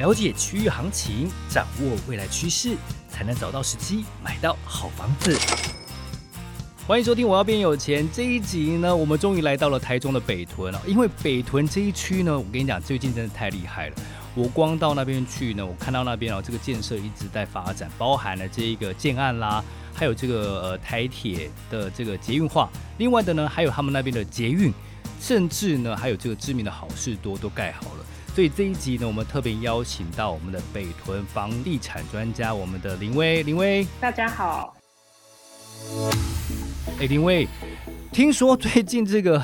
了解區域行情，掌握未來趨勢，才能找到時機買到好房子。歡迎收聽《我要變有錢》這一集呢，我們終於來到了台中的北屯了，喔。因為北屯這一區呢，我跟你講，最近真的太厲害了。我光到那邊去呢，我看到那邊哦，喔，這個建設一直在發展，包含了這一個建案啦，還有這個、呃、台鐵的這個捷運化，另外的呢，還有他們那邊的捷運，甚至呢，還有這個知名的好市多都蓋好了。所以這一集呢，我們特別邀請到我們的北屯房地產專家，我們的翎薇。翎薇，大家好。哎、欸，翎薇，聽說最近這個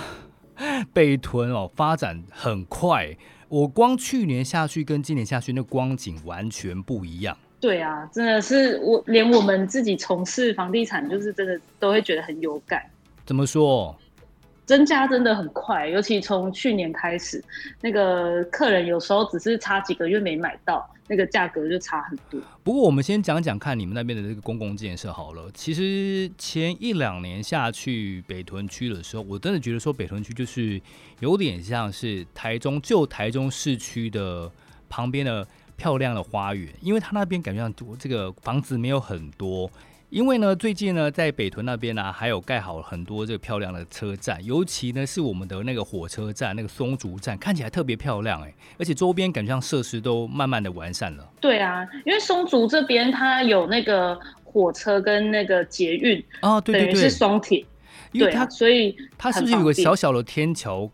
北屯哦，發展很快，我光去年下去跟今年下去那光景完全不一樣。對啊，真的是我連我們自己從事房地產，就是真的都會覺得很有感。怎麼說？增加真的很快，尤其從去年開始，那個客人有時候只是差幾個月沒買到，那個價格就差很多。不過我們先講講看你們那邊的這個公共建設好了。其實前一兩年下去北屯區的時候，我真的覺得說北屯區就是有點像是台中舊台中市區的旁邊的漂亮的花園，因為它那邊感覺像這個房子沒有很多。因為呢，最近呢，在北屯那邊呢、啊，還有蓋好很多這個漂亮的車站，尤其呢是我們的那個火車站，那個松竹站，看起來特別漂亮哎、欸，而且周邊感覺上設施都慢慢的完善了。對啊，因為松竹這邊它有那個火車跟那個捷運啊，對對對，是雙鐵，因為它對、啊、所以它是不是有個小小的天橋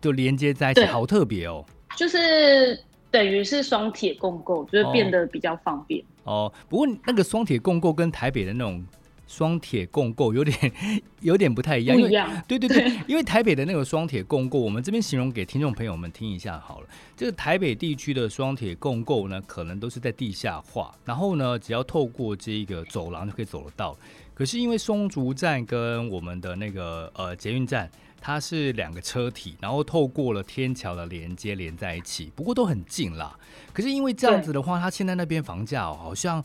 就連接在一起，對好特別哦、喔，就是等於是雙鐵共構，就是變得比較方便。哦哦，不過那個雙鐵共構跟台北的那種雙鐵共構有點有點不太一樣，不一樣。對對對， 因為台北的那個雙鐵共構，我們這邊形容給聽眾朋友們聽一下好了。這個台北地區的雙鐵共構呢，可能都是在地下化，然後呢，只要透過這個走廊就可以走得到。可是因為松竹站跟我們的那個呃捷運站。它是兩個車體，然後透過了天橋的連接連在一起，不過都很近啦。可是因為這樣子的話，對它現在那邊房價好像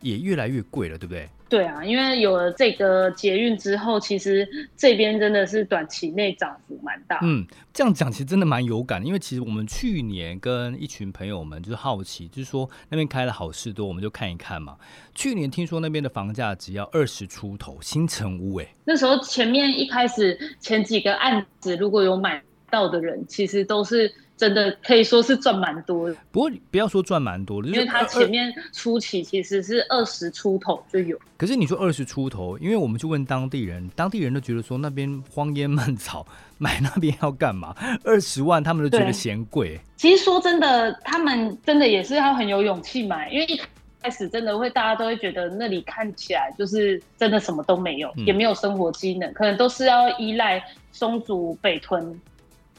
也越來越貴了，對不對？對啊，因為有了這個捷運之後，其實這邊真的是短期內漲幅蠻大。嗯，這樣講其實真的蠻有感，因為其實我們去年跟一群朋友們就是好奇，就是說那邊開了好事多，我們就看一看嘛。去年聽說那邊的房價只要二十出頭，新成屋哎、欸，那時候前面一開始前幾個案子如果有買到的人，其實都是。真的可以說是賺蠻多的，不過不要說賺蠻多的，因為他前面初期其實是二十出頭就有。可是你說二十出頭，因為我們去問當地人，當地人都覺得說那邊荒煙蔓草，買那邊要幹嘛？二十萬他們都覺得嫌貴。其實說真的，他們真的也是要很有勇氣買，因為一開始真的會大家都會覺得那裡看起來就是真的什麼都沒有，嗯、也沒有生活機能，可能都是要依賴松竹北屯。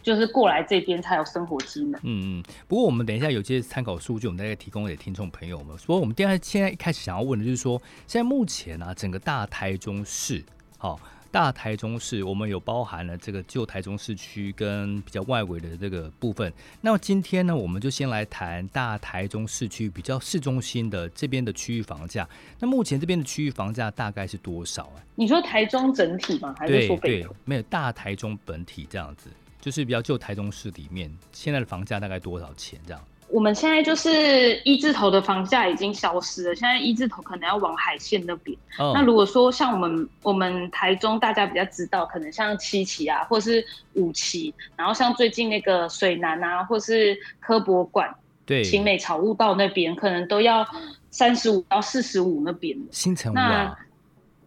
就是過來這邊才有生活機能。嗯嗯，不過我們等一下有些參考數據，我們大概提供給聽眾朋友們。所以我們第二現在一開始想要問的就是說，現在目前啊，整個大台中市，好、哦、大台中市，我們有包含了這個舊台中市區跟比較外圍的這個部分。那麼今天呢，我們就先來談大台中市區比較市中心的這邊的區域房價。那目前這邊的區域房價大概是多少、啊？你說台中整體嗎？還是說北對對沒有大台中本體這樣子？就是比較舊台中市裡面現在的房價大概多少錢這樣？我們現在就是一字頭的房價已經消失了，現在一字頭可能要往海線那邊。哦、那如果說像我們我們台中大家比較知道，可能像七期啊，或是五期，然後像最近那個水南啊，或是科博館、對，勤美草悟道那邊，可能都要三十五到四十五那邊。新城那。啊。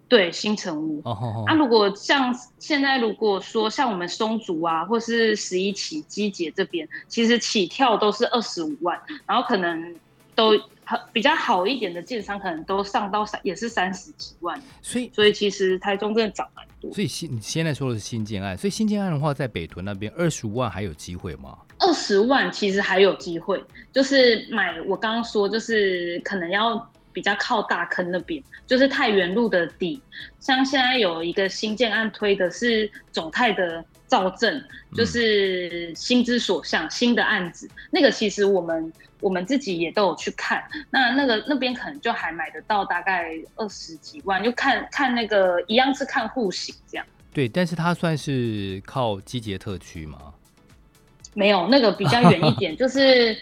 對新成屋，那、oh, oh, oh. 啊、如果像現在，如果說像我們松竹啊，或是十一期、機捷這邊，其實起跳都是二十五萬，然後可能都很比較好一點的建商，可能都上到三，也是三十幾萬。所以，所以其實台中真的漲蠻多。所以，新你現在說的是新建案，所以新建案的話，在北屯那邊二十五萬還有機會嗎？二十萬其實還有機會，就是買我剛剛說，就是可能要。比較靠大坑那邊，就是太原路的底。像現在有一個新建案推的是總泰的造鎮，就是心之所向、嗯、新的案子。那個其實我們我們自己也都有去看。那那個那邊可能就還買得到大概二十幾萬，就看看那個一樣是看戶型這樣。對，但是它算是靠基捷特區嗎？沒有，那個比較遠一點， 就是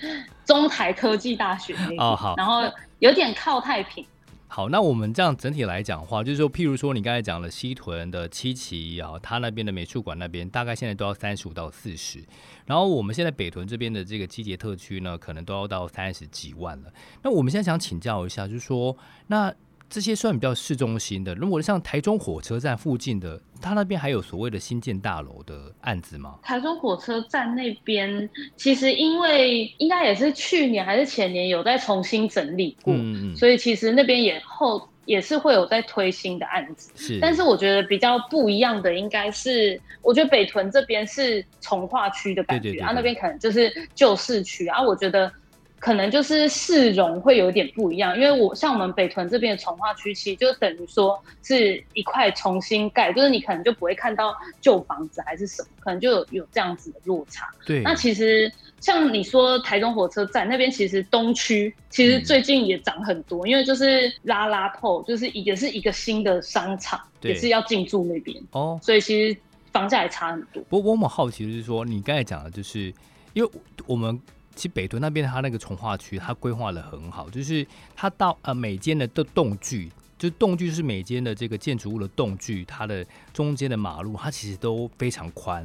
中台科技大學那邊。 哦、好然後。有點靠太平。好，那我們這樣整體來講的話，就是說，譬如說你剛才講了西屯的七期啊，他那邊的美術館那邊大概現在都要三十五到四十，然後我們現在北屯這邊的這個季節特區呢，可能都要到三十幾萬了。那我們現在想請教一下，就是說那。這些算比較市中心的。如果像台中火車站附近的，它那邊還有所謂的新建大樓的案子嗎？台中火車站那邊其實因為應該也是去年還是前年有在重新整理過，嗯嗯，所以其實那邊也後也是會有在推新的案子。是，但是我覺得比較不一樣的應該是，我覺得北屯這邊是重劃區的感覺，然後、啊、那邊可能就是舊市區啊，我覺得。可能就是市容會有點不一樣，因為我像我們北屯這邊的重劃區，其實就等於說是一塊重新蓋，就是你可能就不會看到舊房子還是什麼，可能就有有這樣子的落差。對，那其實像你說台中火車站那邊，其實東區其實最近也漲很多，嗯，因為就是拉拉透，就是也是一個新的商場，對也是要進駐那邊哦，所以其實房價也差很多。不過我蠻好奇就是說，你剛才講的就是因為我們。其實北屯那邊，它那個重劃區，它規劃得很好，就是它到呃每間的的棟距，就棟距是每間的這個建築物的棟距，它的中間的馬路，它其實都非常寬，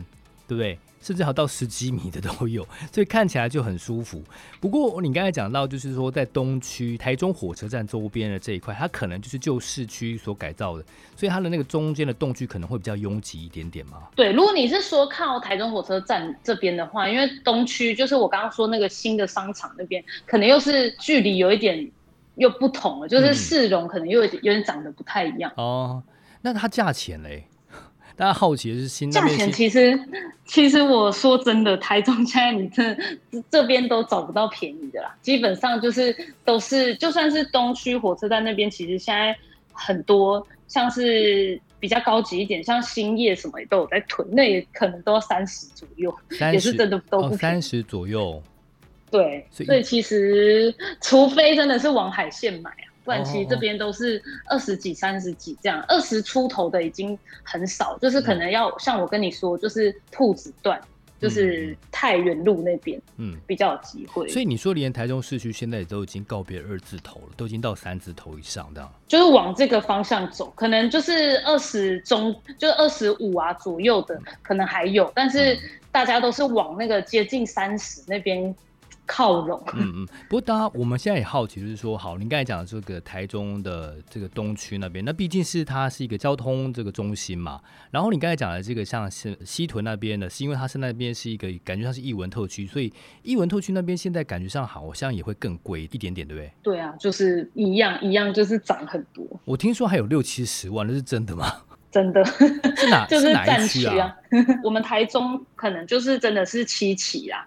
對不對？甚至好到十幾米的都有，所以看起來就很舒服。不過你剛才講到，就是說在東區台中火車站周邊的這一塊，它可能就是舊市區所改造的，所以它的那個中間的棟距可能會比較擁擠一點點嘛？對，如果你是說靠台中火車站這邊的話，因為東區就是我剛剛說那個新的商場那邊，可能又是距離有一點又不同了，嗯、就是市容可能又有有點長得不太一樣。哦，那它價錢嘞？大家好奇的是新新，價錢其實，其實我說真的，台中現在你這這邊都找不到便宜的啦，基本上就是都是，就算是東區火車站那邊，其實現在很多像是比較高級一點，像興業什麼也都有在囤，那也可能都要三十左右，30，也是真的都不便宜，三十、哦、左右，對，所以，所以其實除非真的是往海線買啊。不然其實這邊都是二十幾、三十幾這樣，二十、oh, oh. 出頭的已經很少，就是可能要像我跟你說，就是兔子段，嗯、就是太原路那邊，嗯，比較有機會、嗯。所以你說連台中市區現在都已經告別二字頭了，都已經到三字頭以上這樣，就是往這個方向走，可能就是二十中，就是二十五啊左右的、嗯、可能還有，但是大家都是往那個接近三十那邊。靠攏、嗯，嗯嗯，不過大家，我們現在也好奇，就是說，好，你剛才講的這個台中的這個東區那邊，那畢竟是它是一個交通這個中心嘛。然後你剛才講的這個像是西屯那邊的，是因為它是那邊是一個感覺上是藝文特區，所以藝文特區那邊現在感覺上好像也會更貴一點點，對不對？對啊，就是一樣一樣，就是漲很多。我聽說還有六七十萬，那是真的嗎？真的， 是哪？就是哪一區啊，啊 我們台中可能就是真的是七期啊。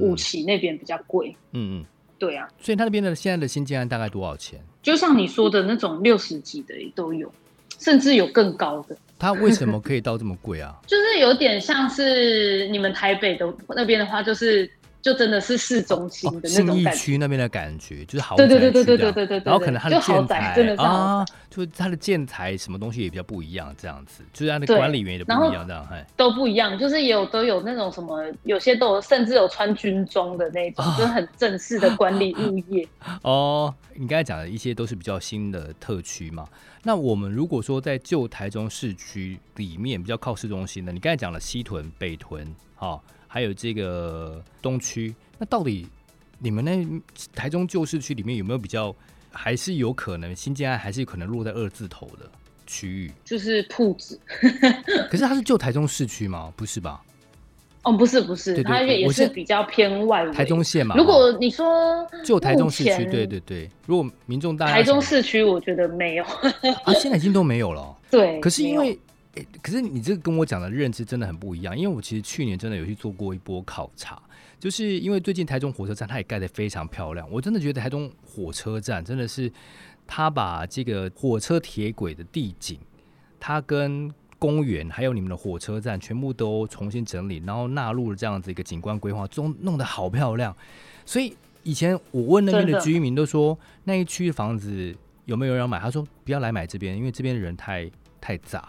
五期那邊比較貴，嗯，嗯嗯，對啊，所以他那邊的現在的新建案大概多少錢？就像你說的那種六十幾的都有，甚至有更高的。他為什麼可以到這麼貴啊？ 就是有點像是你們台北的那邊的話，就是。就真的是市中心的那種感覺、哦、信義區那邊的感覺就是豪宅。對對對對對對對，對，對，然後可能它的建材豪宅、啊、真的是啊，就它的建材什麼東西也比較不一樣，這樣子，就是它的管理員也都不一樣這樣。對嘿都不一樣，就是有都有那種什麼，有些都有甚至有穿軍裝的那種，啊、就是很正式的管理物業。 哦，你剛才講的一些都是比較新的特區嘛。那我們如果說在舊台中市區裡面比較靠市中心的，你剛才講了西屯、北屯，哦還有這個東區，那到底你們那台中舊市區裡面有沒有比較，還是有可能新建案還是有可能落在二字頭的區域？就是鋪子。 可是它是舊台中市區嗎？不是吧？哦，不是不是，它對、欸、也是比較偏外台中縣嘛。如果你說舊台中市區，前對對對，如果民眾大台中市區，我覺得沒有。 啊，現在已經都沒有了。對。可是因為。欸，可是你這個跟我講的認知真的很不一樣，因為我其實去年真的有去做過一波考察，就是因為最近台中火車站它也蓋得非常漂亮，我真的覺得台中火車站真的是他把這個火車鐵軌的地景，他跟公園還有你們的火車站全部都重新整理，然後納入了這樣子一個景觀規劃，都弄得好漂亮。所以以前我問那邊的居民都說，那一區的房子有沒有人要買？他說不要來買這邊，因為這邊的人太太雜。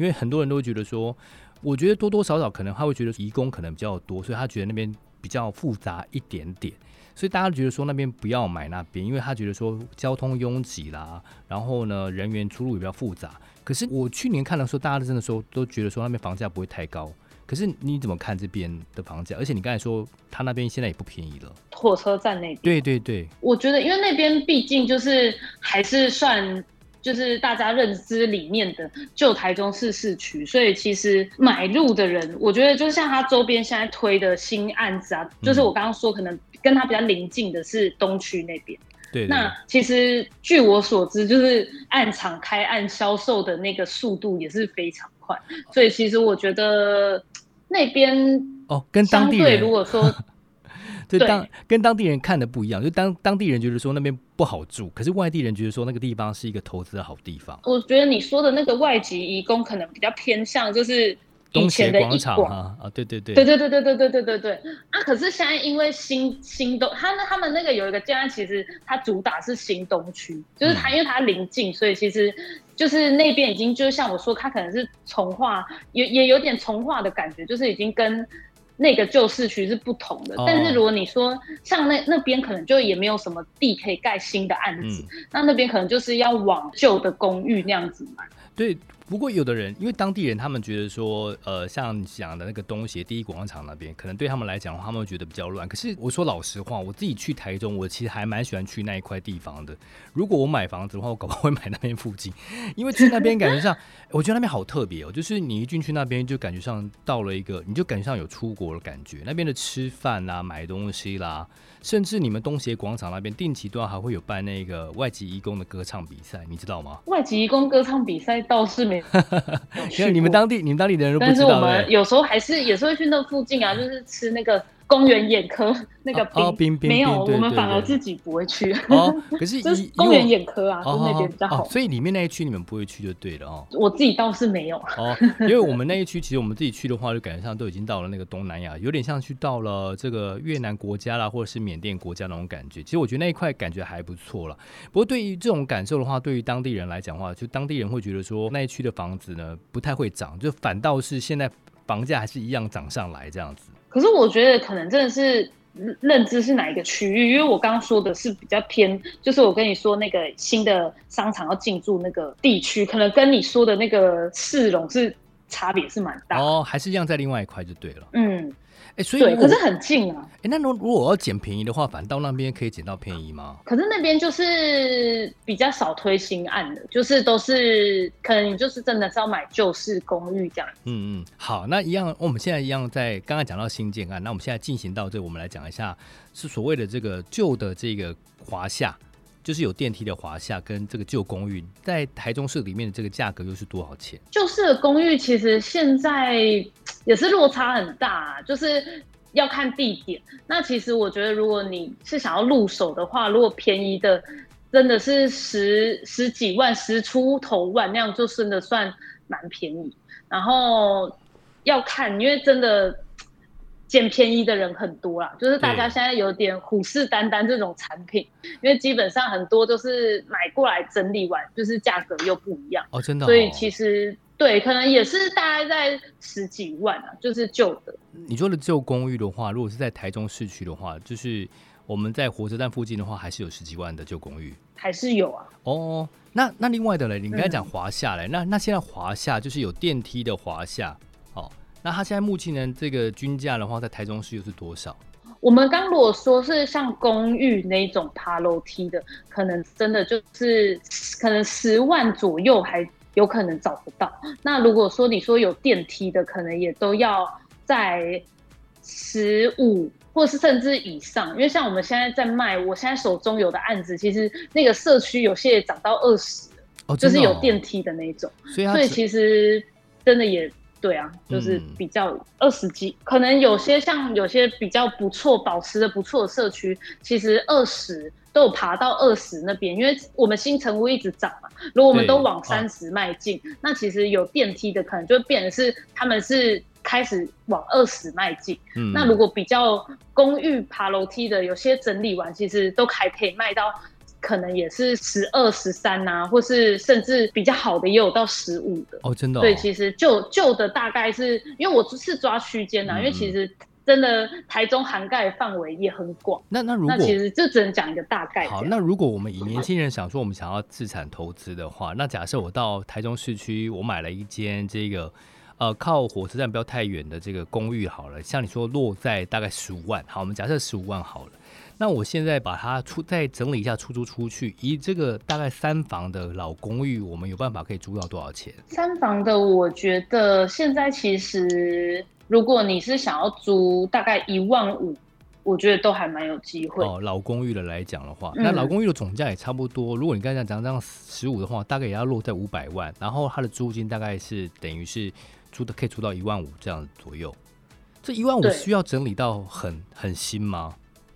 因為很多人都覺得說，我覺得多多少少可能他會覺得移工可能比較多，所以他覺得那邊比較複雜一點點，所以大家覺得說那邊不要買那邊，因為他覺得說交通擁擠啦，然後呢，人員出入也比較複雜。可是我去年看的時候，大家真的說都覺得說那邊房價不會太高。可是你怎麼看這邊的房價？而且你剛才說他那邊現在也不便宜了，火車站那邊。對對對，我覺得因為那邊畢竟就是還是算。就是大家認知裡面的舊台中市市區，所以其實買入的人，我覺得就像他周邊現在推的新案子啊，嗯、就是我剛剛說可能跟他比較臨近的是東區那邊。對，對，對，那其實據我所知，就是案場開案銷售的那個速度也是非常快，所以其實我覺得那邊哦，跟當地如果說。 當對當跟當地人看的不一樣，就當當地人覺得說那邊不好住，可是外地人覺得說那個地方是一個投資的好地方。我覺得你說的那個外籍移工可能比較偏向就是東協廣場啊，啊，對對對，對對對對對對對對對。啊，可是現在因為新新東，他們他們那個有一個，建案其實它主打是新東區，就是它、嗯、因為它臨近，所以其實就是那邊已經就是像我說，它可能是重劃，也也有點重劃的感覺，就是已經跟。那個舊市區是不同的，但是如果你說、哦、像那那邊可能就也沒有什麼地可以蓋新的案子，嗯、那那邊可能就是要往舊的公寓那樣子買。對。不過，有的人因為當地人，他們覺得說，呃，像講的那個東西，第一廣場那邊，可能對他們來講的話，他們會覺得比較亂。可是我說老實話，我自己去台中，我其實還蠻喜歡去那一塊地方的。如果我買房子的話，我搞不好會買那邊附近，因為去那邊感覺上， 我覺得那邊好特別哦，就是你一進去那邊，就感覺上到了一個，你就感覺上有出國的感覺。那邊的吃飯啊、買東西啦。甚至你們東協廣場那邊定期都要還會有辦那個外籍移工的歌唱比賽，你知道嗎？外籍移工歌唱比賽倒是沒有。因為你們當地你們當地的人不知道。但是我們有時候還是也是會去那附近啊，就是吃那個。公園眼科那個旁邊、啊哦、冰冰沒有，我們反而自己不會去。可是,這是公園眼科啊，哦、就那邊比較好、哦哦哦。所以裡面那一區你們不會去就對了哦。我自己倒是沒有。哦，因為我們那一區其實我們自己去的話，就感覺上都已經到了那個東南亞，對 有點像去到了這個越南國家啦，對對對或者是緬甸國家那種感覺。其實我覺得那一塊感覺還不錯了。不過對於這種感受的話，對於當地人來講的話，就當地人會覺得說那一區的房子呢不太會漲，就反倒是現在房價還是一樣漲上來這樣子。可是我覺得可能真的是認知是哪一個區域，因為我剛剛說的是比較偏，就是我跟你說那個新的商場要進駐那個地區，可能跟你說的那個市容是差別是蠻大哦，還是這樣在另外一塊就對了，嗯。哎、欸，所以對，可是很近啊。哎、欸，那如果如果我要撿便宜的話，反倒那邊可以撿到便宜嗎？可是那邊就是比較少推新案的，就是都是可能就是真的是要買舊式公寓這樣。嗯嗯，好，那一樣，我們現在一樣在剛剛講到新建案，那我們現在進行到這個，我們來講一下是所謂的這個舊的這個華廈，就是有電梯的華廈跟這個舊公寓，在台中市裡面的這個價格又是多少錢？舊式公寓其實現在。也是落差很大啊，就是要看地點。那其實我覺得，如果你是想要入手的話，如果便宜的真的是十十幾萬、十出頭萬，那樣就真的算蠻便宜。然後要看，因為真的撿便宜的人很多啦，就是大家現在有點虎視眈眈這種產品，對因為基本上很多都是買過來整理完，就是價格又不一樣哦，真的哦。所以其實。對，可能也是大概在十幾萬啊，就是舊的。嗯、你說的舊公寓的話，如果是在台中市區的話，就是我們在火車站附近的話，還是有十幾萬的舊公寓，還是有啊。哦、哦，那那另外的嘞？你剛才講華廈嘞，嗯、那那現在華廈就是有電梯的華廈、哦、那它現在目前呢，這個均價的話，在台中市又是多少？我們剛如果說是像公寓那種爬樓梯的，可能真的就是可能十萬左右還。有可能找不到。那如果說你說有電梯的，可能也都要在十五，或是甚至以上。因為像我們現在在賣，我現在手中有的案子，其實那個社區有些也漲到二十，哦哦、就是有電梯的那種。所以，所以其實真的也對啊，就是比較二十幾，嗯、可能有些像有些比較不錯、保持的不錯的社區，其實二十。都有爬到二十那邊，因為我們新成屋一直漲嘛。如果我們都往三十邁進，啊、那其實有電梯的可能就會變成是他們是開始往二十邁進。嗯，那如果比較公寓爬樓梯的，有些整理完其實都還可以賣到，可能也是十二、十三吶，或是甚至比較好的也有到十五的。哦，真的、哦。對，其實舊舊的大概是因為我是抓區間吶，嗯嗯、因為其實。真的，台中涵蓋範圍也很廣。那那如果那其實就只能講一個大概。好，那如果我們以年輕人想說我們想要資產投資的話，好那假設我到台中市區，我買了一間這個呃靠火車站不要太遠的這個公寓好了。像你說落在大概十五萬，好，我們假設十五萬好了。那我現在把它出再整理一下出租出去，以這個大概三房的老公寓，我們有辦法可以租到多少錢？三房的，我覺得現在其實。如果你是想要租大概一萬五，我覺得都還蠻有機會。哦，老公寓的來講的話，嗯、那老公寓的總價也差不多。如果你剛才講這樣十五的話，大概也要落在五百萬，然後它的租金大概是等於是租的可以租到一萬五這樣左右。這一萬五需要整理到很對很新嗎？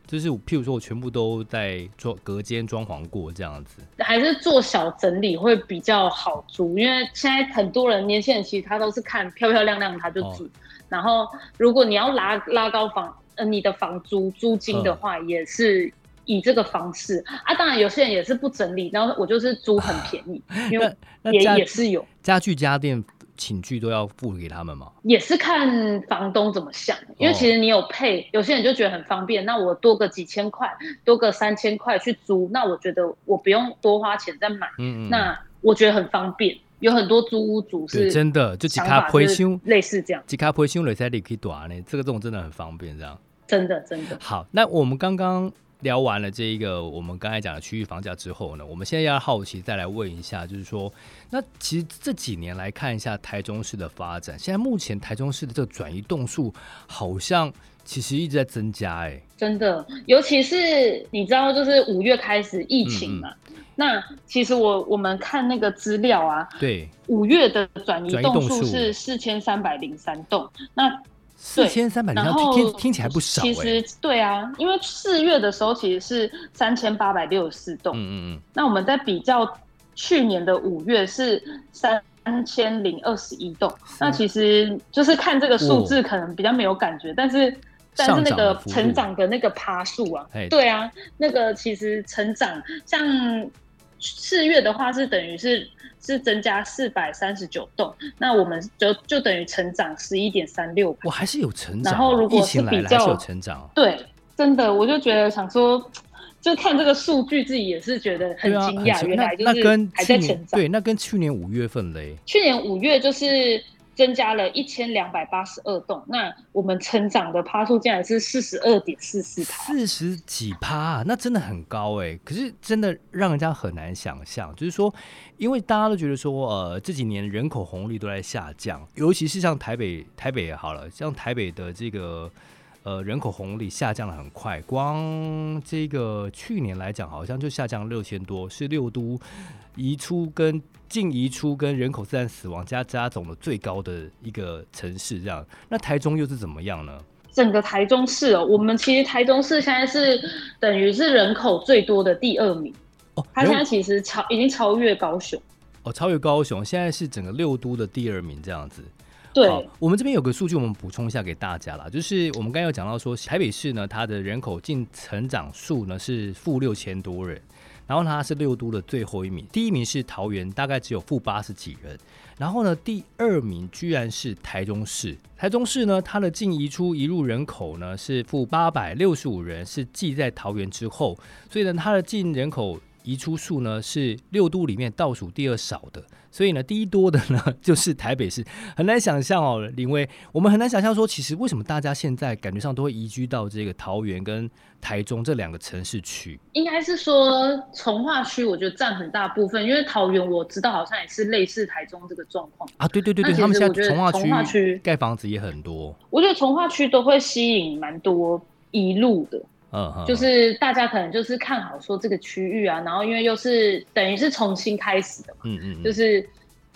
就是譬如說我全部都在做隔間、裝潢過這樣子，還是做小整理會比較好租？因為現在很多人，年輕人其實他都是看漂漂亮亮他就租。哦然後，如果你要拉拉高房，呃，你的房租租金的話，嗯、也是以這個方式啊。當然，有些人也是不整理，然後我就是租很便宜，啊、因為也家也是有家具家電寢具都要付給他們嘛。也是看房東怎麼想，因為其實你有配，有些人就覺得很方便。哦、那我多個幾千塊，多個三千塊去租，那我覺得我不用多花錢再買，嗯嗯嗯，那我覺得很方便。有很多租屋族是真的，就吉卡普欣類似這樣，吉卡普欣裡頭你可以啊，呢，這個這種真的很方便，這樣真的真的，真的好，那我們剛剛聊完了這一個我們剛才講的區域房價之後呢，我們現在要好奇再來問一下，就是說，那其實這幾年來看一下台中市的發展，現在目前台中市的這個轉移動數好像其實一直在增加、欸，哎，真的，尤其是你知道，就是五月開始疫情嘛。嗯嗯那其實我我們看那個資料啊，對，五月的轉移棟數是四千三百零三棟，3, 那四千三百然後聽，聽起來不少，欸，其實對啊，因為四月的時候其實是三千八百六十四棟，嗯嗯，那我們在比較去年的五月是三千零二十一棟，嗯，那其實就是看這個數字可能比較沒有感覺，哦，但是但是那個成長的那個趴數啊，嘿對啊，那個其實成長像。四月的話是等於是是增加四百三十九棟，那我們就就等於成長十一點三六。我還是有成長、啊。然後如果是比較，疫情來了，還是有成長、啊。對，真的，我就覺得想說，就看這個數據，自己也是覺得很驚訝，啊、原來就是還在成長。對，那跟去年五月份嘞，去年五月就是。增加了一千兩百八十二棟，那我們成長的趴數竟然是四十二點四四趴，四十幾趴啊，那真的很高欸。可是真的讓人家很難想象，就是說，因為大家都覺得說，呃，這幾年人口紅利都在下降，尤其是像台北，台北也好了，像台北的這個。呃，人口紅利下降的很快，光這個去年來講，好像就下降六千多，是六都移出跟淨、移出跟人口自然死亡加加總的最高的一個城市。這樣，那台中又是怎麼樣呢？整個台中市哦，我們其實台中市現在是等於是人口最多的第二名哦， 它現在其實超已經超越高雄哦，超越高雄，現在是整個六都的第二名這樣子。對好，我們這邊有個數據，我們補充一下給大家啦。就是我們剛剛有講到說，台北市呢，它的人口淨成長數呢是負六千多人，然後呢它是六都的最後一名，第一名是桃園，大概只有負八十幾人，然後呢第二名居然是台中市，台中市呢它的淨移出移入人口呢是負八百六十五人，是繼在桃園之後，所以呢它的淨人口，移出數呢是六都裡面倒數第二少的，所以呢第一多的呢就是台北市。很難想象哦，翎薇，我們很難想象說，其實為什麼大家現在感覺上都會移居到這個桃園跟台中這兩個城市去。應該是說重劃區，區我覺得占很大部分，因為桃園我知道好像也是類似台中這個狀況啊。對對對對，他們現在重劃區蓋房子也很多。我覺得重劃區都會吸引蠻多移入的。嗯，就是大家可能就是看好說這個區域啊，然後因為又是等於是重新開始的嘛，嗯，嗯嗯，就是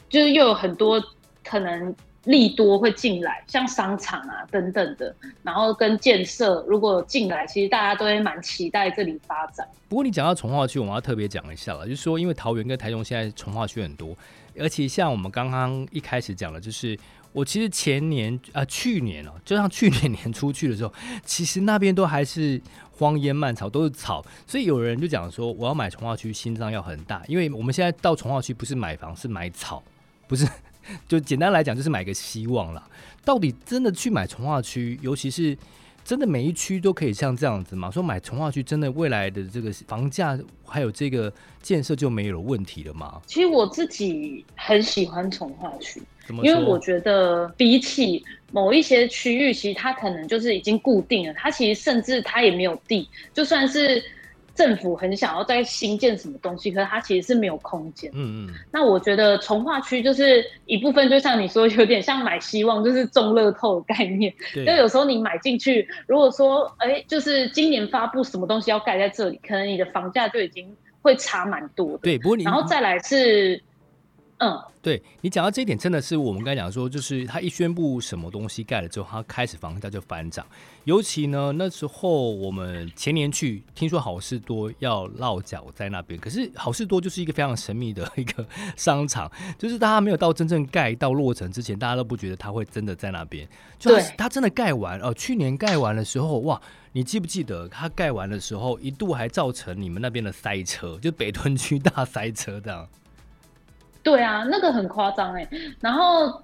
就是又有很多可能利多會進來，像商場啊等等的，然後跟建設如果進來，其實大家都會蠻期待這裡發展。不過你講到重劃區，我們要特別講一下了，就是說因為桃園跟台中現在重劃區很多，而且像我們剛剛一開始講的就是我其實前年啊、呃、去年哦、喔，就像去年年初去的時候，其實那邊都還是。荒煙蔓草，都是草，所以有人就講說，我要買重劃區，心臟要很大，因為我們現在到重劃區不是買房，是買草，不是，就簡單來講就是買個希望啦。到底真的去買重劃區，尤其是真的每一區都可以像這樣子嗎？說買重劃區真的未來的這個房價還有這個建設就沒有問題了嗎？其實我自己很喜歡重劃區。因為我覺得比起某一些區域，其實它可能就是已經固定了。它其實甚至它也沒有地，就算是政府很想要再新建什麼東西，可是它其實是沒有空間。嗯嗯。那我覺得重劃區就是一部分，就像你說，有點像買希望，就是中樂透的概念。因為對 有時候你買進去，如果說哎、欸，就是今年發布什麼東西要蓋在這裡，可能你的房價就已經會差蠻多的。對，然後再來是。嗯，對，你講到這一點，真的是我們剛才講說，就是他一宣布什麼東西蓋了之後，他開始房價就翻漲。尤其呢，那時候我們前年去，聽說好事多要落腳在那邊，可是好事多就是一個非常神秘的一個商場，就是大家沒有到真正蓋到落成之前，大家都不覺得他會真的在那邊。就是他真的蓋完哦，呃，去年蓋完的時候，哇，你記不記得他蓋完的時候，一度還造成你們那邊的塞車，就北屯區大塞車這樣。對啊，那個很誇張哎，然後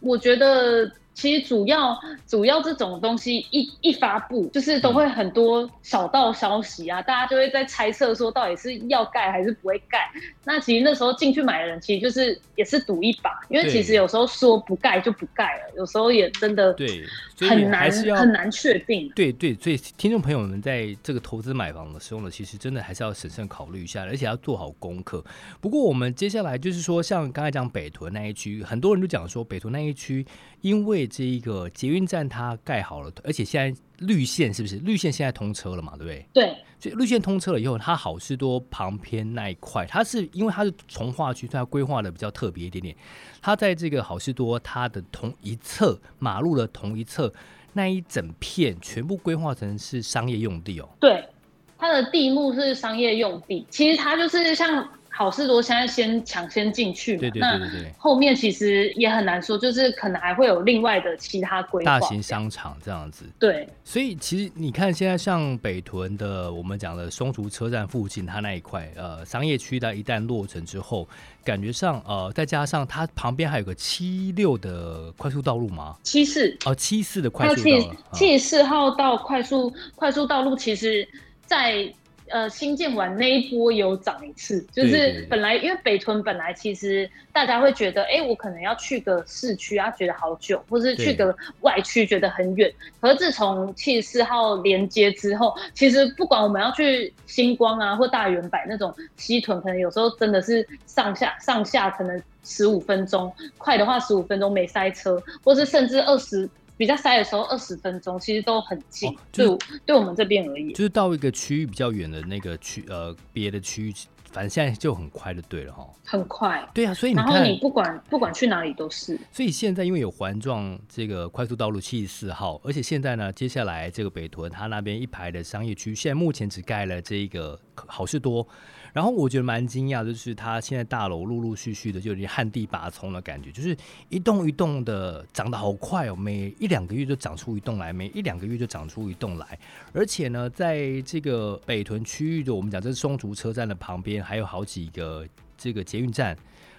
我覺得。其實主要主要這種東西一一發布，就是都會很多小道消息啊，嗯、大家就會在猜測說到底是要蓋還是不會蓋。那其實那時候進去買的人，其實就是也是賭一把，因為其實有時候說不蓋就不蓋了，有時候也真的很難，對很難確定。對，對對，所以聽眾朋友們在這個投資買房的時候呢，其實真的還是要審慎考慮一下，而且要做好功課。不過我們接下來就是說，像剛才講北屯那一區，很多人都講說北屯那一區因為這一個捷運站它蓋好了，而且現在綠線是不是綠線現在通車了嘛？對不對？對，所以綠線通車了以後，它好事多旁邊那一塊，它是因為它是重劃區，所以它規劃的比較特別一點點。它在這個好事多，它的同一側馬路的同一側那一整片，全部規劃成是商業用地哦。對，它的地目是商業用地，其實它就是像。好事多，現在先搶先進去嘛。對對對對對。後面其實也很難說，就是可能還會有另外的其他規劃、大型商場這樣子。對。所以其實你看，現在像北屯的，我們講的松竹車站附近，它那一塊呃，商業區，它一旦落成之後，感覺上呃，再加上它旁邊還有個七六的快速道路嗎？七四哦，七四 74、呃、的快速道路。七四號道快速，啊，快速道路，其實，在呃，新建完那一波有漲一次，就是本來因為北屯本來其實大家會覺得，哎、欸，我可能要去個市區，啊覺得好久，或是去個外區對覺得很遠。和自從七十四號連接之後，其實不管我們要去新光啊或大遠百那種西屯，可能有時候真的是上下上下，可能十五分鐘，快的話十五分鐘沒塞車，或是甚至二十。比較塞的時候，二十分鐘其實都很近，哦、就是、對我們這邊而已。就是到一個區域比較遠的那個區，呃，別的區域，反正現在就很快就對了哈，很快。對啊，所以然後你不管不管去哪裡都是。所以現在因為有環狀這個快速道路七十四號，而且現在呢，接下來這個北屯它那邊一排的商業區，現在目前只蓋了這個好市多。然後我覺得蠻驚訝，就是它現在大樓陸陸續續的，就有點旱地拔蔥的感覺，就是一棟一棟的長得好快哦，每一兩個月就長出一棟來，每一兩個月就長出一棟來，而且呢，在這個北屯區域的，我們講這是松竹車站的旁邊，還有好幾個這個捷運站。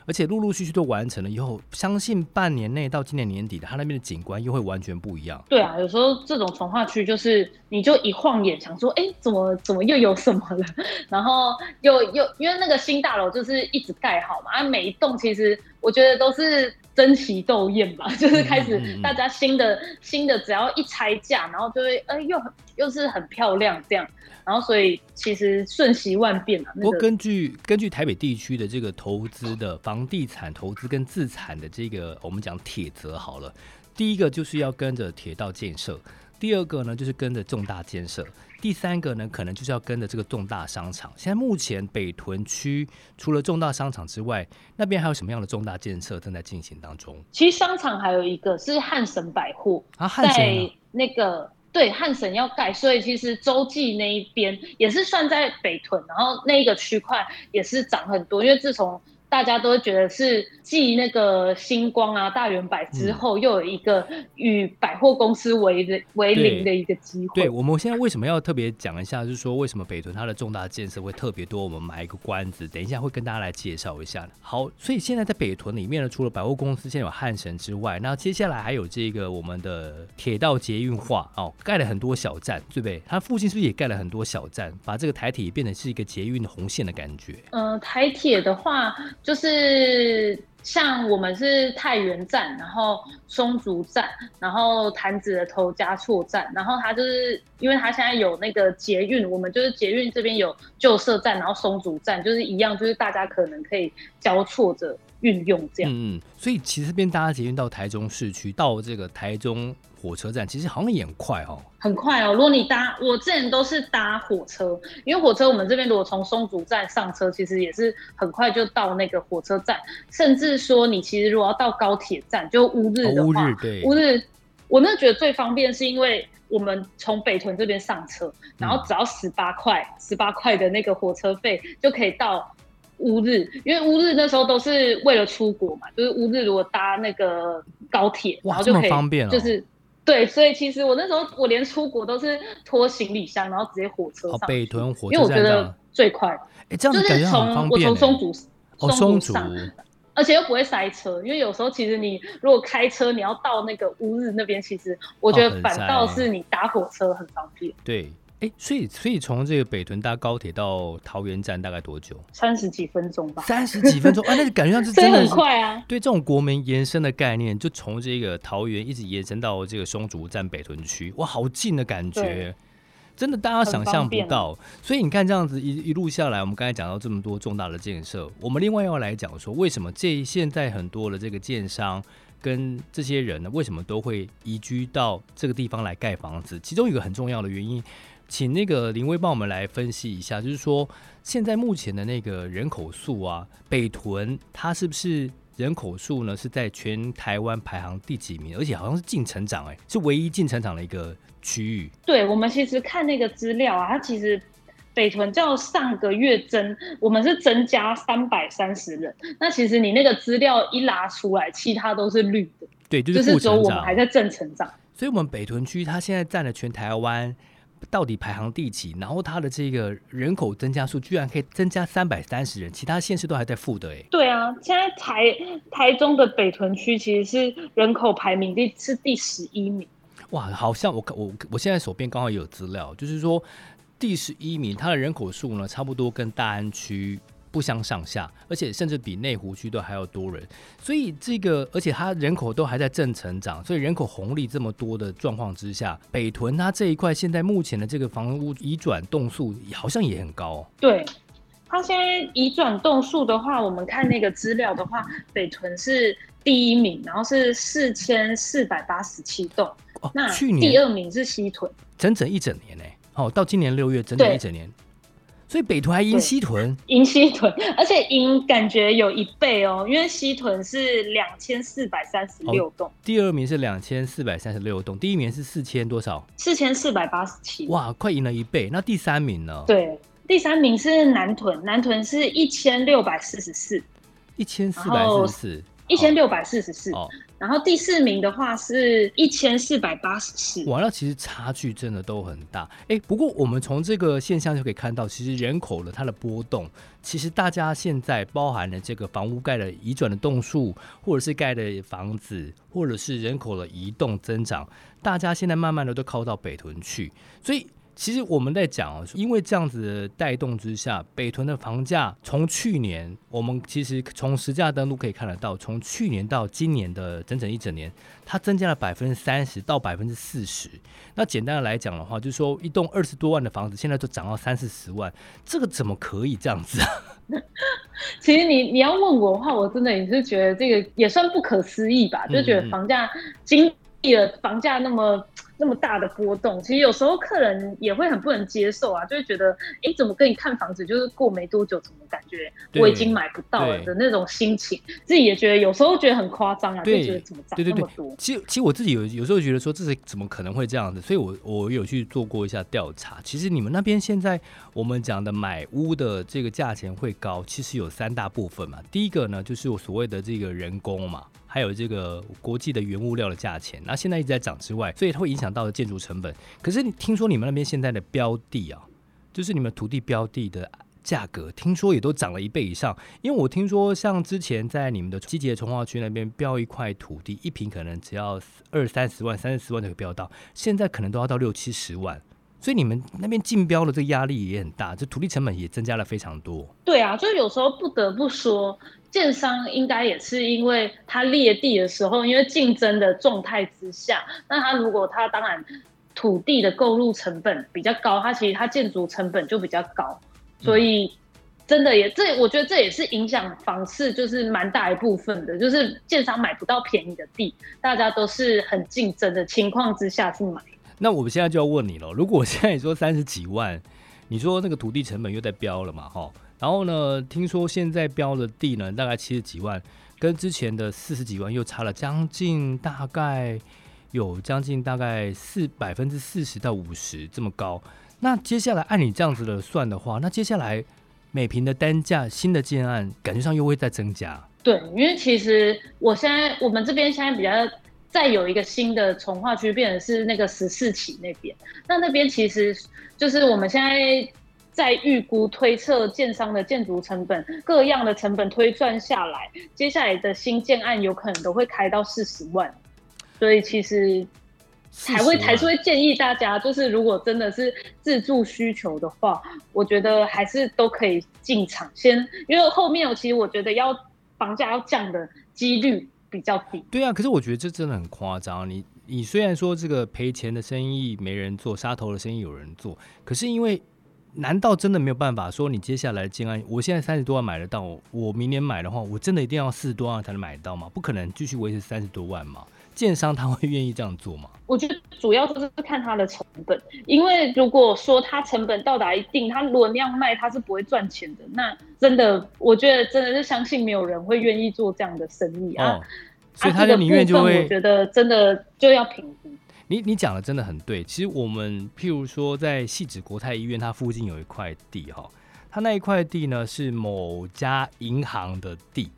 而且陸陸續續都完成了以後，相信半年內到今年年底的，它那邊的景觀又會完全不一樣。對啊，有時候這種重劃區就是，你就一晃眼，想說，哎、欸，怎麼怎麼又有什麼了？然後又又因為那個新大樓就是一直蓋好嘛，啊，每一棟其實我覺得都是。爭奇鬥豔吧，就是開始大家新的、嗯、新的，只要一拆架，然後就會，哎、欸，又又是很漂亮這樣，然後所以其實瞬息萬變嘛、啊。那個、不過根據根據台北地區的這個投資的房地產投資跟自住的這個，我們講鐵則好了，第一個就是要跟着鐵道建設。第二個呢，就是跟着重大建設；第三個呢，可能就是要跟着這個重大商場。現在目前北屯區除了重大商場之外，那邊還有什麼樣的重大建設正在進行當中？其實商場還有一個是漢神百貨啊，漢神、啊、那個對漢神要蓋，所以其實洲際那一邊也是算在北屯，然後那一個區塊也是漲很多，因為自從大家都覺得是繼那個星光啊、大遠百之後，嗯、又有一個與百貨公司為零為零的一個機會。對，對我們現在為什麼要特別講一下，就是說為什麼北屯它的重大建設會特別多？我們賣一個關子，等一下會跟大家來介紹一下。好，所以現在在北屯裡面呢，除了百貨公司，現在有漢神之外，那接下來還有這個我們的鐵道捷運化哦，蓋了很多小站，對不對？它附近是不是也蓋了很多小站，把這個台鐵變成是一個捷運的紅線的感覺？嗯、呃，台鐵的話。就是像我們是太原站，然後松竹站，然後潭子的頭家厝站，然後它就是因為它現在有那個捷運，我們就是捷運這邊有舊社站，然後松竹站就是一樣，就是大家可能可以交錯着。運用這樣，嗯所以其實這邊搭捷運到台中市區，到這個台中火車站，其實好像也很快哦，很快哦、喔喔。如果你搭，我之前都是搭火車，因為火車我們這邊如果從松竹站上車，其實也是很快就到那個火車站，甚至說你其實如果要到高鐵站，就烏日的、哦、烏日對，烏日，我那覺得最方便是因為我們從北屯這邊上車，然後只要十八塊，十八塊的那個火車費就可以到。烏日，因為烏日那時候都是為了出國嘛，就是烏日如果搭那個高鐵，哇，這麼方便！哦，就是對，所以其實我那時候我連出國都是拖行李箱，然後直接火車上北屯火車，因為我覺得最快，就、欸、這樣子感覺很方便。欸、是從我從松竹，哦、松竹上，松竹，而且又不會塞車，因為有時候其實你如果開車你要到那個烏日那邊，其實我覺得反倒是你搭火車很方便，哦、對。欸、所以所以從這個北屯搭高鐵到桃園站大概多久？三十幾分鐘吧。三十幾分鐘啊，那就感覺上是真的是 很快啊。對，這種國民延伸的概念，就從這個桃園一直延伸到這個松竹站北屯區，哇，好近的感覺，對真的大家想象不到。啊、所以你看這樣子一一路下來，我們剛才講到這麼多重大的建設，我們另外要來講說，為什麼這現在很多的這個建商跟這些人呢，為什麼都會移居到這個地方來蓋房子？其中一個很重要的原因。請那個翎薇幫我們來分析一下，就是說現在目前的那個人口數啊，北屯它是不是人口數呢？是在全台灣排行第幾名？而且好像是正成長、欸，哎，是唯一正成長的一個區域。對，我們其實看那個資料啊，它其實北屯叫上個月增，我們是增加三百三十人。那其實你那個資料一拉出來，其他都是綠的。對，就是負我們還在正成長。所以，我們北屯區它現在占了全台灣，到底排行第幾？然後它的這個人口增加數居然可以增加三百三十人，其他縣市都還在負的欸。對啊，現在台台中的北屯區其實是人口排名第是第十一名。哇，好像我我我現在手邊剛好有資料，就是說第十一名，它的人口數呢差不多跟大安區。不相上下，而且甚至比內湖區都還要多人，所以這個而且它人口都還在正成長，所以人口紅利這麼多的狀況之下，北屯它這一塊現在目前的這個房屋移轉棟數好像也很高哦。對，它現在移轉棟數的話，我們看那個資料的話，北屯是第一名，然後是四千四百八十七棟，哦，那去年第二名是西屯，整整一整年呢，欸，哦，到今年六月整整一整年。所以北屯還贏西屯，贏西屯，而且贏感覺有一倍哦，因為西屯是兩千四百三十六棟，第二名是兩千四百三十六棟，第一名是四千多少？四千四百八十七。哇，快贏了一倍。那第三名呢？對，第三名是南屯，南屯是一千六百四十四，一千四百四十四。一千六百四十四，然後第四名的話是一千四百八十四。完了，其實差距真的都很大。哎，不過我們從這個現象就可以看到，其實人口的它的波動，其實大家現在包含了這個房屋蓋的移轉的棟數，或者是蓋的房子，或者是人口的移動增長，大家現在慢慢的都靠到北屯去，所以。其實我們在講啊、哦，因為這樣子的帶動之下，北屯的房價從去年，我們其實從實價登錄可以看得到，從去年到今年的整整一整年，它增加了百分之三十到百分之四十。那簡單的來講的話，就是說一棟二十多萬的房子，現在就漲到三四十萬，這個怎麼可以這樣子啊？其實你你要問我的話，我真的也是覺得這個也算不可思議吧，嗯嗯就覺得房價經歷了房價那麼。那麼大的波動，其實有時候客人也會很不能接受啊，就會覺得，哎、欸，怎麼跟你看房子，就是過沒多久，怎麼感覺我已經買不到了的那種心情。對對對對，自己也覺得有時候覺得很誇張啊，對對對對，就覺得怎麼漲那麼多，對對。其實，其實我自己有有時候覺得說這是怎麼可能會這樣子，所以我我有去做過一下調查。其實你們那邊現在我們講的買屋的這個價錢會高，其實有三大部分嘛。第一個呢，就是我所謂的這個人工嘛。還有這個國際的原物料的價錢，那、啊、現在一直在漲之外，所以它會影響到的建築成本。可是你聽說你們那邊現在的標的啊，就是你們土地標的的價格，聽說也都漲了一倍以上。因為我聽說，像之前在你們的西屯的重劃區那邊標一塊土地，一坪可能只要二三十萬、三四十萬就可以標到，現在可能都要到六七十萬。所以你們那邊競標的這個壓力也很大，就土地成本也增加了非常多。對啊，就有時候不得不說，建商應該也是因為他獵地的時候，因為競爭的狀態之下，那他如果他當然土地的購入成本比較高，他其實他建築成本就比較高，所以真的也這我覺得這也是影響房市就是蠻大一部分的，就是建商買不到便宜的地，大家都是很競爭的情況之下去買。那我們現在就要問你了，如果我現在你說三十幾萬，你說那個土地成本又在飆了嘛？哈，然後呢，聽說現在標的地呢大概七十幾萬，跟之前的四十幾萬又差了將近大概有將近大概四百分之四十到五十這麼高。那接下來按你這樣子的算的話，那接下來每平的單價新的建案感覺上又會再增加。對，因為其實我現在我們這邊現在比較。再有一個新的重劃區變成是那個十四期那邊，那那邊其實就是我們現在在預估推測建商的建築成本，各樣的成本推算下來，接下來的新建案有可能都會開到四十萬，所以其實才會才萬是會建議大家，就是如果真的是自住需求的話，我覺得還是都可以進場先，因為後面我其實我覺得要房價要降的幾率。比較低，對啊，可是我覺得這真的很誇張。你你雖然說這個賠錢的生意沒人做，殺頭的生意有人做，可是因為難道真的沒有辦法說你接下來建案？我現在三十多萬買得到，我明年買的話，我真的一定要四十多萬才能買得到嗎？不可能繼續維持三十多萬嘛。建商他會願意這樣做嗎？我覺得主要就是看他的成本，因為如果說他成本到達一定，他如果那樣賣，他是不會賺錢的。那真的，我覺得真的是相信沒有人會願意做這樣的生意、哦、啊。所以他的寧願就會，我覺得真的就要評估。你你講的真的很對。其實我們譬如說在汐止國泰醫院，它附近有一塊地哈，它那一塊地呢是某家銀行的地。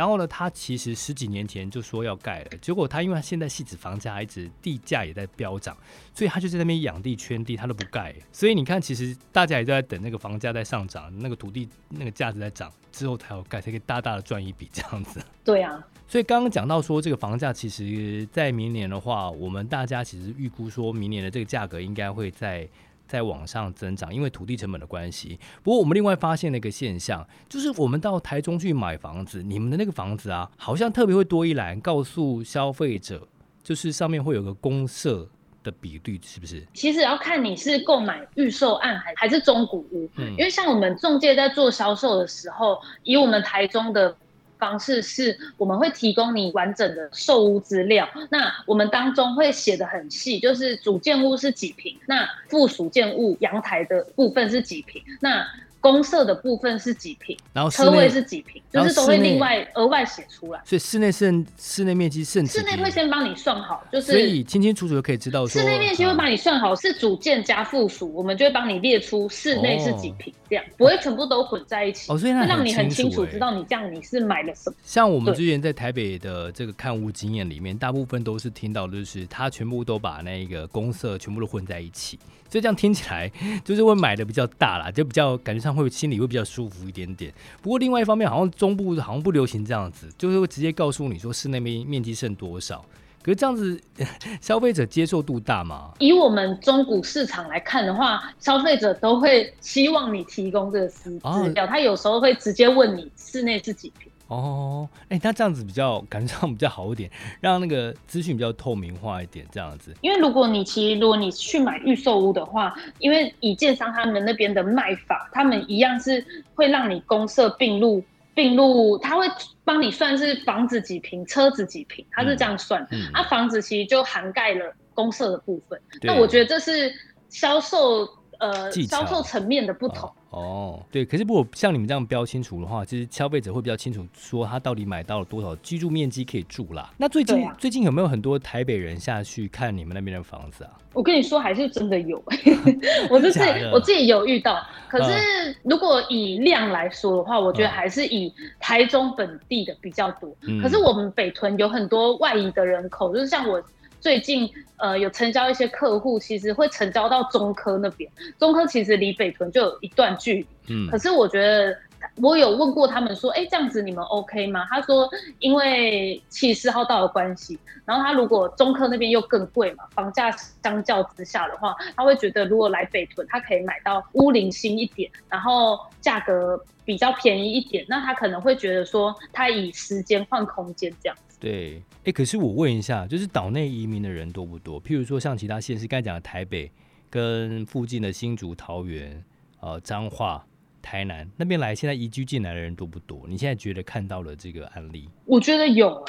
然後呢，他其實十幾年前就說要蓋了，結果他因為他現在西屯房價一直地價也在飆漲，所以他就在那邊養地圈地，他都不蓋。所以你看，其實大家也都在等那個房價在上漲，那個土地那個價值在漲之後才要蓋，才可以大大的賺一筆這樣子。對啊，所以剛剛講到說這個房價，其實在明年的話，我們大家其實預估說明年的這個價格應該會在。在往上增長，因為土地成本的關係。不過我們另外發現了一個現象，就是我們到台中去買房子，你們的那個房子啊，好像特別會多一欄告訴消費者，就是上面會有個公設的比率，是不是？其實要看你是購買預售案還還是中古屋，嗯、因為像我們仲介在做銷售的時候，以我們台中的。方式是我們會提供你完整的售屋資料，那我們當中會寫得很細，就是主建物是幾坪，那附屬建物陽台的部分是幾坪，那。公設的部分是幾坪，然後車位是幾坪，就是都會另外額外寫出來。所以室內剩室內面積剩。室內會先幫你算好，就是所以清清楚楚就可以知道說。室內面積會幫你算好，嗯、是主建加附屬，我們就會幫你列出室內是幾坪，哦、這樣不會全部都混在一起。哦，哦，所以那、欸、讓你很清楚知道你這樣你是買了什麼。像我們之前在台北的這個看屋經驗裡，對裡面，大部分都是聽到的就是他全部都把那個公設全部都混在一起。所以這樣聽起來，就是會買的比較大啦，就比較感覺上會心裡會比較舒服一點點。不過另外一方面，好像中部好像不流行這樣子，就是會直接告訴你說室內面面積剩多少。可是這樣子，消費者接受度大嗎？以我們中古市場來看的話，消費者都會希望你提供這個資料，啊、他有時候會直接問你室內是幾坪。哦，哎、欸，那這樣子比較感覺上比較好一點，讓那個資訊比較透明化一點，這樣子。因為如果你其實如果你去買預售屋的話，因為以建商他們那邊的賣法，他們一樣是會讓你公設併入併入，他會幫你算是房子幾坪，車子幾坪，他是這樣算。嗯嗯、啊，房子其實就涵蓋了公設的部分。對那我覺得這是銷售。呃，銷售層面的不同哦，哦，對。可是不過像你們這樣標清楚的話，其實消費者會比較清楚，說他到底買到了多少居住面積可以住啦。那最近、啊、最近有沒有很多台北人下去看你們那邊的房子啊？我跟你說，還是真的有， 我就是我自己有遇到。可是如果以量來說的話，嗯、我覺得還是以台中本地的比較多。嗯、可是我們北屯有很多外移的人口，就是像我。最近呃有成交一些客戶，其實會成交到中科那邊。中科其實離北屯就有一段距離，嗯。可是我覺得我有問過他們說，哎、欸，這樣子你們 OK 嗎？他說因為七四號道的關係，然後他如果中科那邊又更貴嘛，房價相較之下的話，他會覺得如果來北屯，他可以買到屋齡新一點，然後價格比較便宜一點，那他可能會覺得說，他以時間換空間這樣。對，誒、欸，可是我問一下，就是島內移民的人多不多？譬如說，像其他縣市，剛講的台北跟附近的新竹、桃園、呃，彰化、台南那邊來，現在移居進來的人多不多？你現在覺得看到了這個案例？我覺得有。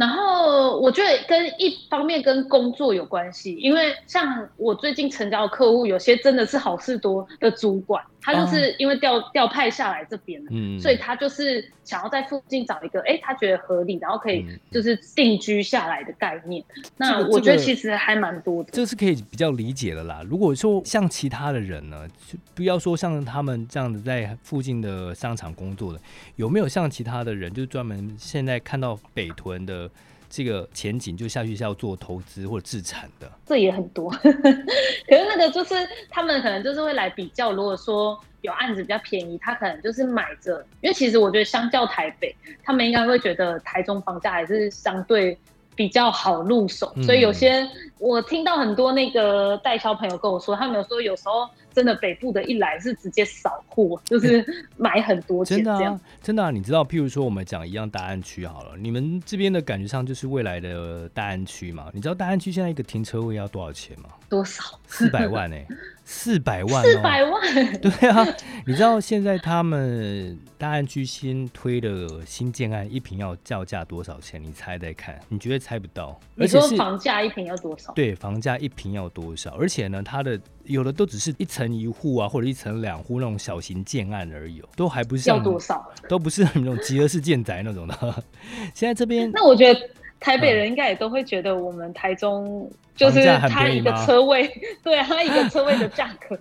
然後我覺得跟一方面跟工作有關係，因為像我最近成交的客戶，有些真的是好市多的主管，他就是因為調調、哦、派下來這邊了，嗯，所以他就是想要在附近找一個，哎，他覺得合理，然後可以就是定居下來的概念。嗯、那我覺得其實還蠻多的，這個這個、這是可以比較理解的啦。如果說像其他的人呢，就不要說像他們這樣子在附近的商場工作的，有沒有像其他的人，就專門現在看到北屯的？這個前景就下去是要做投資或者自住的，這也很多呵呵。可是那個就是他們可能就是會來比較，如果說有案子比較便宜，他可能就是買着，因為其實我覺得相較台北，他們應該會覺得台中房價還是相對比較好入手，嗯、所以有些。我聽到很多那個代銷朋友跟我說，他們有說有時候真的北部的一來是直接掃貨，就是買很多錢真的、啊、真的啊？你知道，譬如說我們講一樣大安區好了，你們這邊的感覺上就是未來的大安區嘛？你知道大安區現在一個停車位要多少錢嗎？多少？四百萬哎！四百萬！四百萬！對啊，你知道現在他們大安區新推的新建案一坪要叫價多少錢？你猜猜看，你絕對猜不到？你說房價一坪要多少？ 對，房價一坪要多少？而且呢，它的有的都只是一層一戶啊，或者一層兩戶那種小型建案而已，都還不像要多少，都不是很那種集合式建宅那種的。 現在這邊，那我覺得台北人應該也都會覺得我們台中就是、嗯、它一個車位，對，它一個車位的價格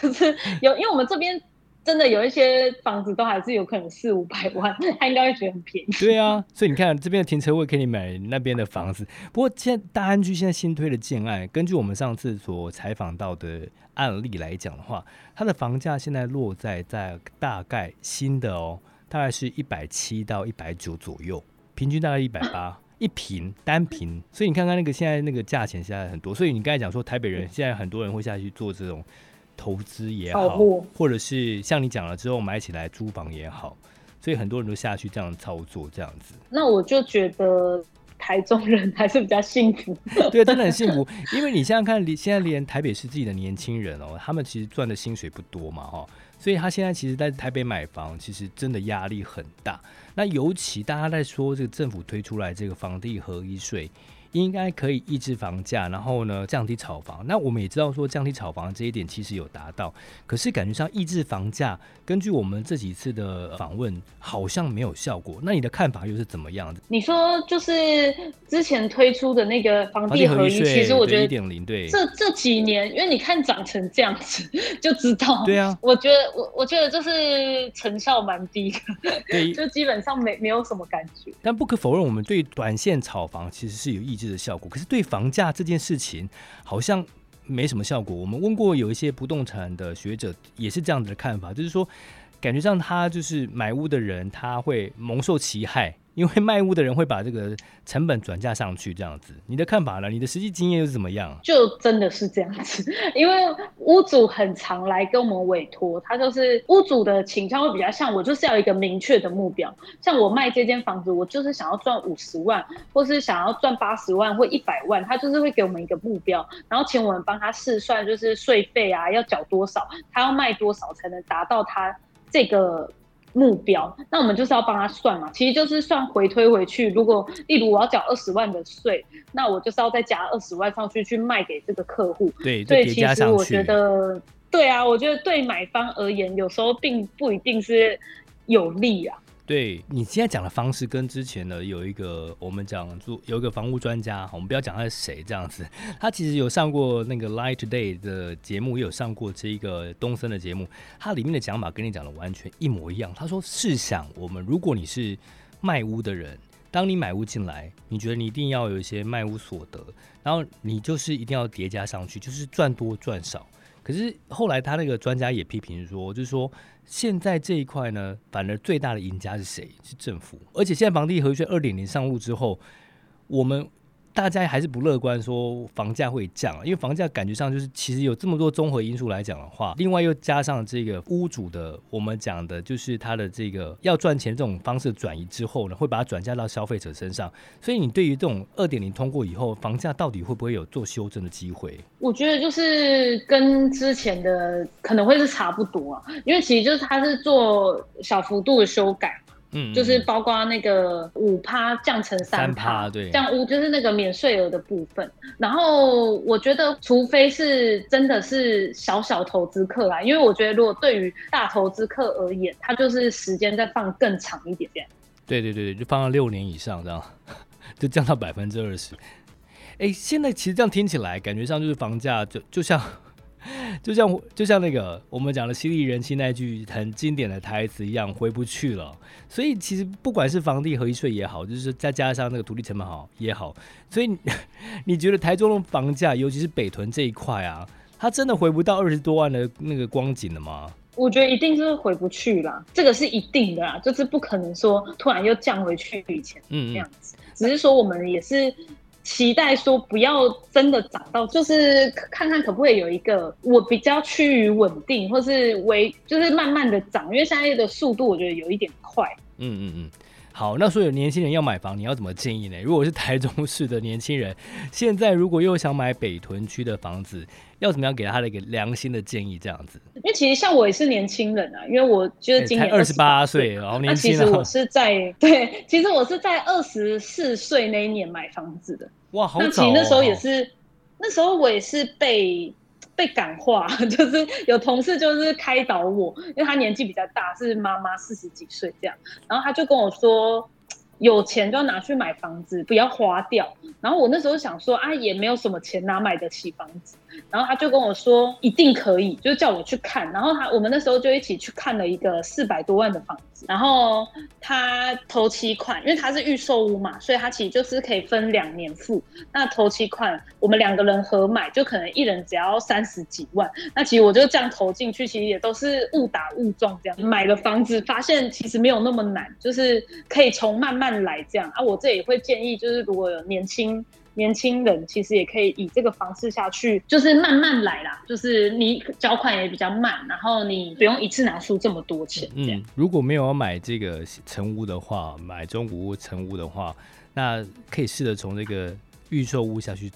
就是有，因為我們這邊。真的有一些房子都還是有可能四五百萬，他應該會覺得很便宜。對啊，所以你看這邊的停車位可以買那邊的房子。不過現在大安居、現在新推的建案，根據我們上次所採訪到的案例來講的話，它的房價現在落在在大概新的哦、喔，大概是一百七到一百九左右，平均大概 180, 一百八一坪單坪。所以你看看那個現在那個價錢現在很多，所以你剛才講說台北人現在很多人會下去做這種。投資也好，或者是像你講了之後，買起來租房也好，所以很多人都下去這樣操作，這樣子。那我就覺得台中人還是比較幸福， 對，真的很幸福， 因為你想想看，現在連台北市自己的年輕人哦，他們其實賺的薪水不多嘛、哦，哈，所以他現在其實，在台北買房，其實真的壓力很大。那尤其大家在說這個政府推出來這個房地合一稅。應該可以抑制房價，然後呢，降低炒房。那我們也知道說，降低炒房這一點其實有達到，可是感覺上抑制房價，根據我們這幾次的訪問，好像沒有效果。那你的看法又是怎麼樣的？你說就是之前推出的那個房地合一，合一稅其實我覺得一點零對, 1.0，對，這這幾年，因為你看長成這樣子就知道，對啊，我覺得我我覺得就是成效蠻低的。對 就基本上沒沒有什麼感覺。但不可否認，我們對短線炒房其實是有抑制。的效果，可是對房價這件事情好像沒什麼效果。我們問過有一些不動產的學者，也是這樣子的看法，就是說，感覺上他就是買屋的人，他會蒙受其害。因為賣屋的人會把這個成本轉嫁上去，這樣子。你的看法呢？你的實際經驗又是怎麼樣啊？就真的是這樣子，因為屋主很常來跟我們委托，他就是屋主的傾向會比較像，我就是要一個明確的目標，像我賣這間房子，我就是想要賺五十萬，或是想要賺八十萬或一百萬，他就是會給我們一個目標，然後請我們幫他試算，就是稅費啊要繳多少，他要賣多少才能達到他這個。目標，那我們就是要幫他算嘛，其實就是算回推回去。如果例如我要繳二十萬的稅，那我就是要再加二十萬上去去賣給這個客戶。對，所以其實我覺得，對啊，我覺得對買方而言，有時候並不一定是有利啊。對，你現在講的方式跟之前的有一個，我們講做有一個房屋專家，我們不要講他是誰這樣子，他其實有上過那個《Live Today》的節目，也有上過這個東森的節目，他裡面的講法跟你講的完全一模一樣。他說，試想我們如果你是賣屋的人，當你買屋進來，你覺得你一定要有一些賣屋所得，然後你就是一定要疊加上去，就是賺多賺少。可是後來他那個專家也批評說，就是說。現在這一塊呢，反而最大的贏家是誰？是政府。而且現在房地合一稅二點零上路之後，我們。大家還是不樂觀，說房價會降，因為房價感覺上就是其實有這麼多綜合因素來講的話，另外又加上這個屋主的，我們講的就是他的這個要賺錢這種方式轉移之後呢，會把它轉嫁到消費者身上。所以你對於這種二點零通過以後，房價到底會不會有做修正的機會？我覺得就是跟之前的可能會是差不多啊，因為其實就是它是做小幅度的修改。嗯,嗯，就是包括那個五趴降成三趴，對，降五就是那個免稅額的部分。然後我覺得，除非是真的是小小投資客啊，因為我覺得如果對於大投資客而言，它就是時間再放更長一點點。對對對，就放到六年以上這樣，就降到百分之二十。哎，現在其實這樣聽起來，感覺上就是房價就就像。就像就像那個我們講的犀利人妻那句很經典的台詞一樣，回不去了。所以其實不管是房地合一稅也好，就是再加上那個土地成本好也好，所以你覺得台中的房價，尤其是北屯這一塊啊，它真的回不到二十多萬的那個光景了嗎？我覺得一定是回不去了，這個是一定的啦，就是不可能說突然又降回去以前這樣子。嗯嗯，只是說我們也是。期待說不要真的漲到，就是看看可不可以有一個我比較趨於穩定，或是微就是慢慢的漲，因為現在的速度我覺得有一點快。嗯嗯嗯，好，那所以年輕人要買房，你要怎麼建議呢？如果是台中市的年輕人，現在如果又想買北屯區的房子。要怎麼樣給他的一個良心的建議？這樣子，因為其實像我也是年輕人啊，因為我就是今年二十八歲。好年輕啊。那其實我是在對，其實我是在二十四歲那一年買房子的。哇，好早哦。那其實那時候也是，那時候我也是被被感化，就是有同事就是開導我，因為他年紀比較大，是媽媽四十幾歲這樣，然後他就跟我說。有錢就要拿去買房子，不要花掉。然後我那時候想說啊，也沒有什麼錢，哪買得起房子？然後他就跟我說一定可以，就叫我去看。然後他我們那時候就一起去看了一個四百多萬的房子。然後他頭期款，因為它是預售屋嘛，所以他其實就是可以分兩年付。那頭期款我們兩個人合買，就可能一人只要三十幾萬。那其實我就這樣投進去，其實也都是誤打誤撞這樣買了房子，發現其實沒有那麼難，就是可以從慢慢來這樣啊。我這也會建議，就是如果有年輕。年輕人其實也可以以這個方式下去，就是慢慢來啦，就是你繳款也比較慢，然後你不用一次拿出這麼多錢這樣。嗯，如果沒有要買這個成屋的話，買中古屋、成屋的話，那可以試着從這個預售屋下去。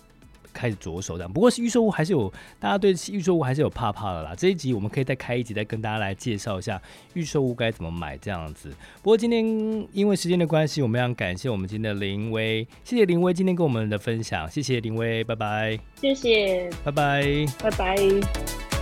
開始着手這樣，不過是預售屋。還是有，大家對預售屋還是有怕怕的啦。這一集我們可以再開一集，再跟大家來介紹一下預售屋該怎麼買這樣子。不過今天因為時間的關係，我們要感謝我們今天的翎薇，謝謝翎薇今天跟我們的分享，謝謝翎薇，拜拜，謝謝，拜拜拜拜，拜拜。